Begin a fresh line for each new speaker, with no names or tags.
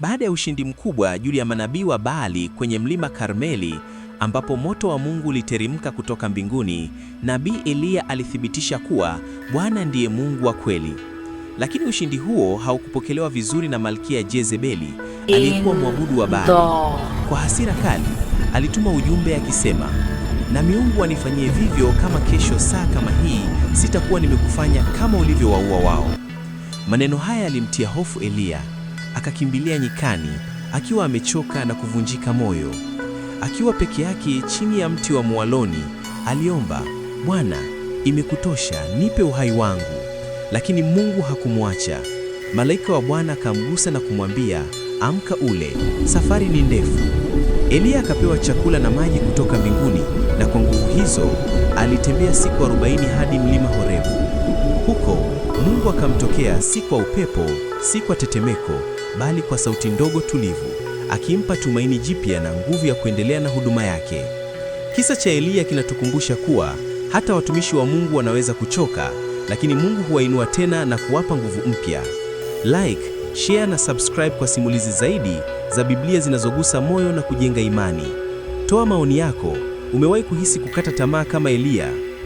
Baada ya ushindi mkubwa juu ya manabii wa Baali kwenye mlima Karmeli, ambapo moto wa Mungu uliteremka kutoka mbinguni, nabii Eliya alithibitisha kuwa Bwana ndiye Mungu wa kweli. Lakini ushindi huo haukupokelewa vizuri na Malkia Jezebeli, aliyekuwa mwabudu wa Baali. Kwa hasira kali, alituma ujumbe akisema, na miungu wanifanyie vivyo kama kesho saa kama hii sitakuwa nimekufanya kama ulivyowaua wao. Maneno haya yalimtia hofu Eliya akakimbilia nyikani akiwa amechoka na kuvunjika moyo. Akiwa peke yake chini ya mti wa mwaloni, aliomba, Bwana, imekutosha, nipe uhai wangu. Lakini Mungu hakumwacha. Malaika wa Bwana akamgusa na kumwambia, amka ule, safari ni ndefu. Eliya akapewa chakula na maji kutoka mbinguni, na kwa nguvu hizo alitembea siku arobaini hadi mlima Horebu. Huko Mungu akamtokea si kwa upepo, si kwa tetemeko bali kwa sauti ndogo tulivu, akimpa tumaini jipya na nguvu ya kuendelea na huduma yake. Kisa cha Eliya kinatukumbusha kuwa hata watumishi wa Mungu wanaweza kuchoka, lakini Mungu huwainua tena na kuwapa nguvu mpya. Like, share na subscribe kwa simulizi zaidi za Biblia zinazogusa moyo na kujenga imani. Toa maoni yako. Umewahi kuhisi kukata tamaa kama Eliya?